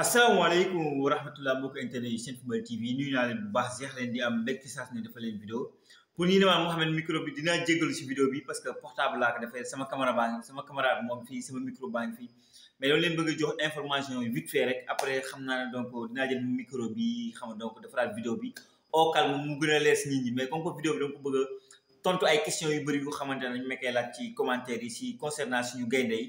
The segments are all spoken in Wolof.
asalaamaaleykum wa rahmatulah mbokk internet yi Senfootball TV nuyu naa leen bu baax jeex leen di am mbégte saa su ne dafa leen vidéo pour ñu ne maanaam Mouhamed micro bi dinaa jégalu si vidéo bi parce que portable laa ko defee sama caméra baa ngi sama caméra bi moom fii sama micro baa ngi fii mais loolu leen bëgg a jox information yi vite fait naa ne donc dinaa jël micro bi xam donc defaraat vidéo bi au mu gën a leer si nit ñi mais comme que bi dama ko bëgg a tontu ay questions yu bëri yu xamante ne ñu mekkee laaj ci commentaire yi si concernant suñu gaynde yi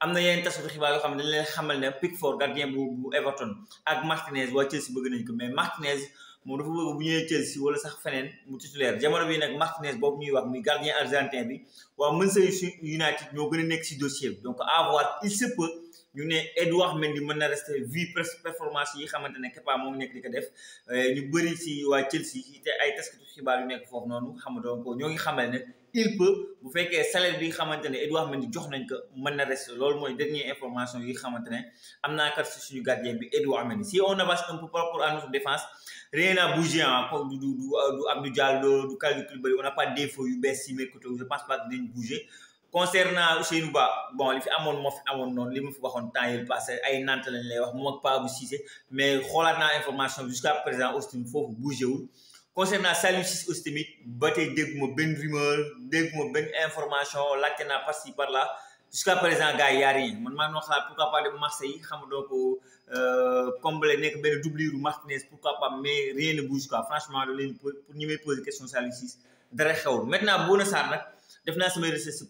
am na yeneen tasatu xibaar yoo xam ne xamal ne Pickford gardien bu bu Everton ak Martinez waa Chelsea bëgg nañ ko mais Martinez moom dafa bëgg bu ñëwee Chelsea wala sax feneen mu titulaire jamono bi nag Martinez boobu ñuy wax muy gardien argentin bi waa Manchester United ñoo gën a nekk si dossier bi donc à voir ñu ne Edouard Mendy mën na rester vie performance xamante ne Kepa moom nekk di ko def euh, ñu bëri si waa Chelsea te ay taskatu xibaar yu nekk foofu noonu xam nga donc ñoo ngi xamal ne. il peut bu fekkee salaire bi nga xamante ne Edouard Mendy jox nañ ko mën na reste loolu mooy dernière information yi nga xamante ne am naa kat si suñu gardien bi Edouard Mendy si on avance un peu par rapport à notre défense rien n'a bougé en hein. du du euh, du Abdou Diallo du Kalidou Koulibaly on n'a pas de défaut yu bees si côté je pense pas de dinañ bougé concernant Ousseynou Ba bon li fi amoon moo fi amoon noonu li mu fi waxoon temps il passé ay nant lañ lay wax moom ak Pape Cissé mais xoolaat naa information jusqu'à présent Austin foofu bougé wul concernant Saliou Ciss aussi tamit ba tey dégguma ben rumeur dégguma ben information laajte n'a par ci par là jusqu'à présent gars y a rien Mon maa noo pourquoi pas dem Marseille xam nga donc euh, combler nekk benn doublure Martinez pourquoi pas mais rien ne bouge quoi franchement pour ñu may poser question Saliou Ciss dara xewul maintenant bonne soirée. nag def naa samay recherche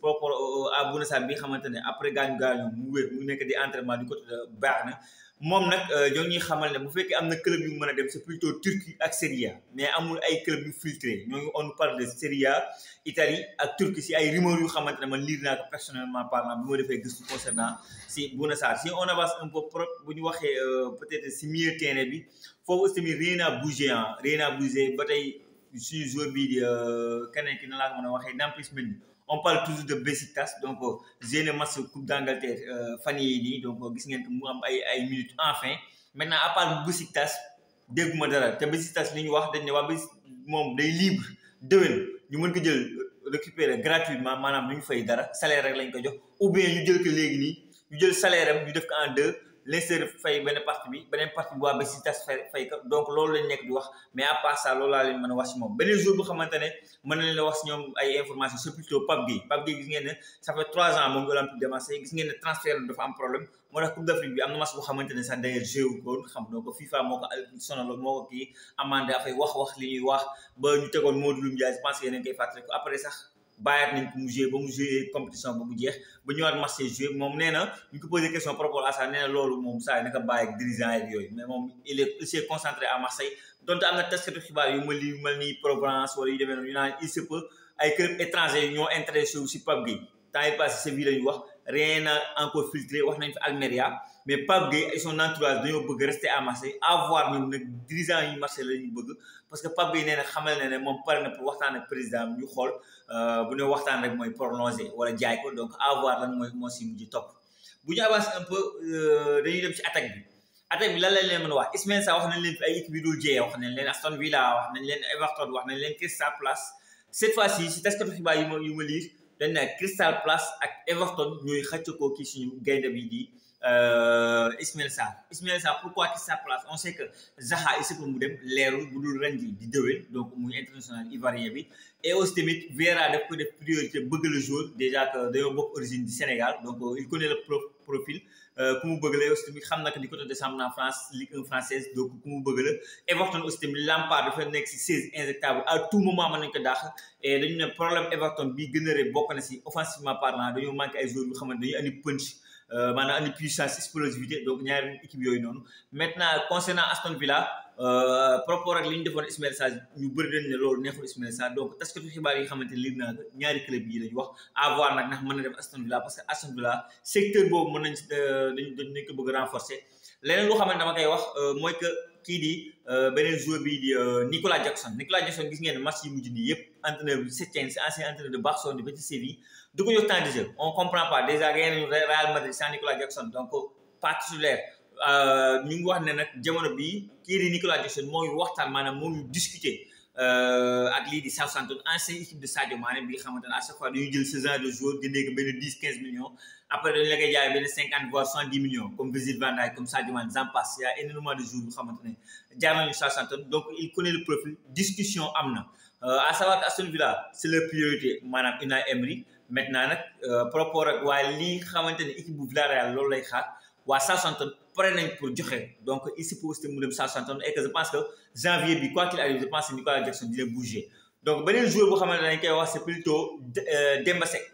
Bouna Sarr bi nga xamante après gaañu gaañu mu wér mu nekk di entraînement du côté de baax mom nak nag euh, ñoo ñuy xamal ne bu fekkee am na club yu mën a dem c'est plutôt Turquie ak Serie A mais amul ay club yu filtré ñoo ngi on parle de Serie A Italie ak Turquie si ay rumeurs yu xamante ne man liir naa ko personnellement parlant bi ma defee gëstu concernant si Bouna Sarr si on avance un peu pro bu ñu waxee euh, peut-être si milieu terrain bi foofu aussi tamit rien n'a bougé ah rien n'a bougé ba tey suñu joueur bii di euh, keneen ki na laa ko mën a waxee Nampalys Mendy on parle toujours de Besiktas donc j'ai euh, le match Coupe d'Angleterre euh, fan yii donc euh, gis ngeen mu am ay ay minutes enfin maintenant à part Besiktas dégguma dara te Besiktas li wax dañ ne wa mom day libre déwén ñu mën ko jël récupérer gratuitement manam lu ñu fay dara salaire rek lañ ko jox ou bien ñu jël ko légui ni ñu jël salaire am ñu def ko en deux. Leicester fay benn partie bi beneen partie bi waa Besiktas fay fay ko donc loolu lañ nekk di wax mais à part ça loolu laa leen mën a wax a ñoom ay information c'est plutôt Pape Gueye Pape Gueye gis ngeen ne ça fait trois ans moom Olympique de Marseille gis ngeen ne transfert dafa am problème moo tax Coupe d'Afrique bi am na match boo xamante ne sax d'ailleurs jeu ko xam donc FIFA moo ko sonaloon moo ko kii amandé afay wax wax li ñuy wax ba ñu tegoon Modou Loum Diaz je pense que bàyyaat nañ ko mu joué ba mu joué compétition ba mu jeex ba ñëwaat match joué moom nee na ñu ko poser question par à ça nee lolu mom moom naka bàyyi ak dirigeant yeeg yooyu mais mom il est il s'est concentré à Marseille donte am na taskatu xibaar yu mel ni mel ni Provence wala yu demee noonu ñu naan il se peut ay club étranger ñoo intéressé wu si Pape Gueye temps passé Séville la ñu wax rien à encore filtré wax nañ fi Almeria mais Pape Gueye et son entourage dañoo bëgg rester à Marseille avoir nous nag dirigeant yi Marseille la bëgg parce que Pape Gueye nee na xamal na ne moom pare na pour waxtaan président ñu xool euh, bu ne waxtaan rek mooy prolongé wala jaay ko donc avoir lan mooy moo si mujj topp. bu ñu avancé un peu euh, dañuy dem ci attaque bi attaque bi lan lañ leen mën wax Ismaël Sarr wax nañ leen fi ay équipe yu dul jiyee wax nañ leen Aston Villa wax nañ leen Everton wax nañ leen Crystal place cette fois ci si taskatu xibaar yu ma yu ma lire dañ ne Crystal Palace ak Everton ñooy xëccakoo kii suñu gaynde bi di euh, Ismail Sarr Ismail Sarr pourquoi Crystal Place on sait que Zaha ici pour mu dem leerul bu dul ren di déwén donc muy international ivoirien bi et aussi tamit Vieira daf ko def priorité bëgg le joueur déjà que dañoo bokk origine du Sénégal donc euh, il connaît le prof profil euh, ku mu bëgg la aussi tamit xam naka du côté de championnat France Ligue 1 française donc ku mu bëgg la Everton aussi tamit Lampard dafa nekk si seize injectable à tout moment mën nañu ko daax et dañu ne problème Everton bi gën a rëy bokk na si offensivement parlant dañoo manqué ay joueurs yu xamante dañu andi punch mana andi puissance explosivité donc ñaari nit équipe yooyu noonu maintenant concernant aston villa eh, propos ak li ñu defoon ismail sa ñu bëri dañ ne loolu neexul ismail sa donc parce que xibaar yi xamante lire naa ñaari club yi lañu wax à voir nag ndax dem aston villa parce que aston villa secteur boobu mën eh, nañ dañ dañ ko bëgg renforcer leneen lu xamante dama koy wax eh, mooy que kii di euh, beneen joueur bi di euh, Nicolas Jackson Nicolas Jackson gis ngeen match yi mujj nii yëpp entraîneur bi Sétiens ancien entraîneur de Barcelone ba ci Séville du ko jox temps de jeu on comprend pas déjà rien nañu Real Madrid sans Nicolas Jackson donc euh, pas titulaire ñu ngi wax ne nag jamono bii kii di Nicolas Jackson mooy waxtaan maanaam moo ñu discuter ak lii di Southampton ancien équipe de Sadio Mané bi nga xamante ne à chaque fois dañuy jël ce genre de joueur di nekk benn dix quinze millions après le Réa, il y a 50 voire 110 millions, comme Visit Van comme Sadiman, Mane, Zampassi, il y a énormément de joueurs, vous savez, Diamond, il donc il connaît le profil, discussion amena. Euh, à savoir, à son villa, c'est le priorité, madame Ina Emery, maintenant, euh, par rapport à ce que vous savez, l'équipe de Villarreal, c'est ce qu'il y a, 60 prennent pour Djokhe. Donc, il se pose que c'est 60 et que je pense que janvier, quoi qu'il arrive, je pense que Nicolas Jackson, il est bouger Donc, le joueur, c'est plutôt euh, Dembasek.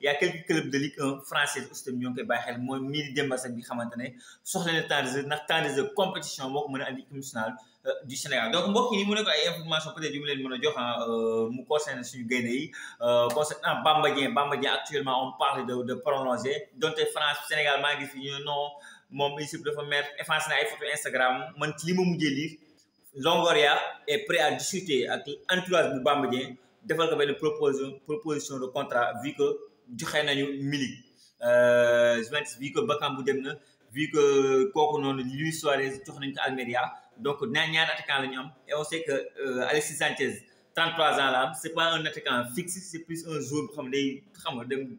y' a quelques clubs de Ligue 1 française aussi tamit ñoo ngi koy bàyyi xel mooy mii di Demba Seck bi xamante ne soxla na temps de jeu temps de compétition moo ko mën a andi équipe euh, du Sénégal donc mbokk yi mu nekk ay information peut être yu mu leen mën a jox hein, euh, mu concerne suñu gaynde yi euh, concernant Bamba Dieng Bamba Dieng actuellement on parle de de prolonger donte France Sénégal maa ngi fi ñu ne non moom équipe dafa mer effacé na ay photo Instagram man ci li ma mujjee lire Longoria est prêt à discuter avec entourage bu Bamba Dieng defal ko benn proposition proposition de contrat vu que joxe nañu Milik Juventus euh, vu que Bakambu dem na vu que kooku non Luis Suarez jox nañ ko Almeria donc na ñaari attaquant la ñu et on sait que euh, Alexis Sanchez 33 ans là, c'est pas un attaquant fixe c'est plus un joueur xam ne day xam dem.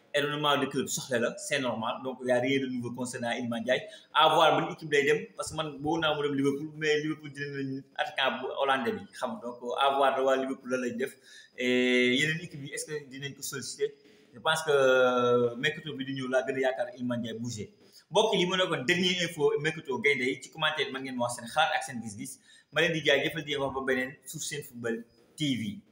énormément de club soxla la c'est normal donc y' a rien de nouveau concernant Iliman Ndiaye à voir équipe lay dem parce que man bo na mu dem Liverpool mais Liverpool dina leen attaquant bu hollandais bi xam donc à voir waa Liverpool la def et yeneen équipe yi est ce que dinañ ko sollicité je pense que euh, mercato bi di ñëw la gën a yaakaar Iliman Ndiaye bouger mbokk li ma ne ko dernier info mercato gaynde yi ci commentaire man ngeen ma wax seen xalaat ak seen gis-gis ma leen di jaay jëfal di wax ba beneen sur seen football TV.